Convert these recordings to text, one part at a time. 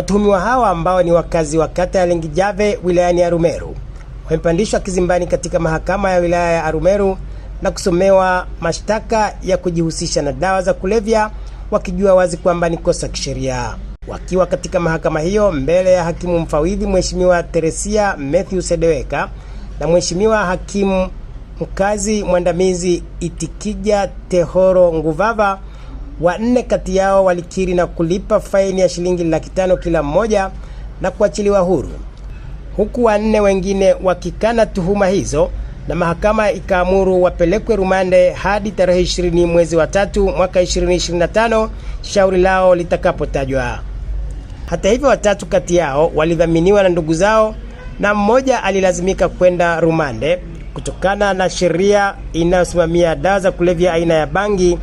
Watuhumiwa hawa ambao ni wakazi wa kata ya Lengijave wilayani Arumeru wamepandishwa kizimbani katika mahakama ya wilaya ya Arumeru na kusomewa mashtaka ya kujihusisha na dawa za kulevya wakijua wazi kwamba ni kosa kisheria. Wakiwa katika mahakama hiyo mbele ya hakimu mfawidhi Mheshimiwa Teresia Matthew Sedeweka na Mheshimiwa hakimu mkazi mwandamizi Itikija Tehoro Nguvava Wanne kati yao walikiri na kulipa faini ya shilingi laki tano kila mmoja na kuachiliwa huru, huku wanne wengine wakikana tuhuma hizo, na mahakama ikaamuru wapelekwe rumande hadi tarehe 20 mwezi wa tatu mwaka 2025 shauri lao litakapotajwa. Hata hivyo, watatu kati yao walidhaminiwa na ndugu zao na mmoja alilazimika kwenda rumande kutokana na sheria inayosimamia dawa za kulevya aina ya bangi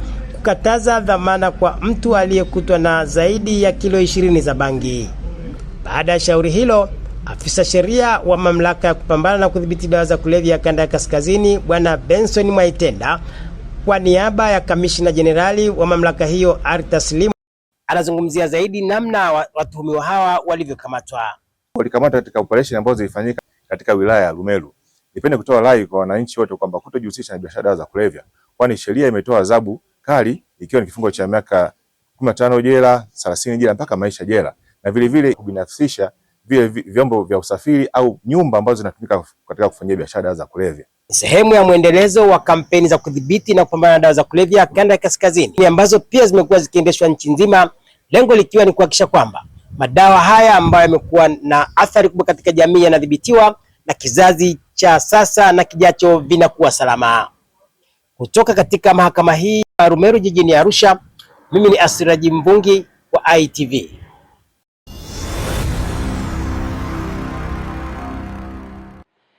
kukataza dhamana kwa mtu aliyekutwa na zaidi ya kilo 20 za bangi. Baada ya shauri hilo, afisa sheria wa mamlaka ya kupambana na kudhibiti dawa za kulevya kanda ya kaskazini Bwana Benson Mwaitenda kwa niaba ya kamishina jenerali wa mamlaka hiyo Slim, anazungumzia zaidi namna watuhumiwa hawa walivyokamatwa. Walikamatwa katika operesheni ambazo zilifanyika katika wilaya ya Rumelu. Nipende kutoa rai kwa wananchi wote kwamba kutojihusisha na biashara dawa za kulevya, kwani sheria imetoa adhabu kali ikiwa ni kifungo cha miaka kumi jela, 30 jela mpaka maisha jela, na vilevile kubinafsisha vile vyombo vya usafiri au nyumba ambazo zinatumika katika kufanyia biashara dawa za kulevya. Sehemu ya mwendelezo wa kampeni za kudhibiti na kupambana na dawa za kulevya kanda ya kaskazini ambazo pia zimekuwa zikiendeshwa nchi nzima, lengo likiwa ni kuhakikisha kwamba madawa haya ambayo yamekuwa na athari kubwa katika jamii yanadhibitiwa na kizazi cha sasa na kijacho vinakuwa salama. Kutoka katika mahakama hii ya Arumeru jijini Arusha, mimi ni Asiraji Mbungi wa ITV.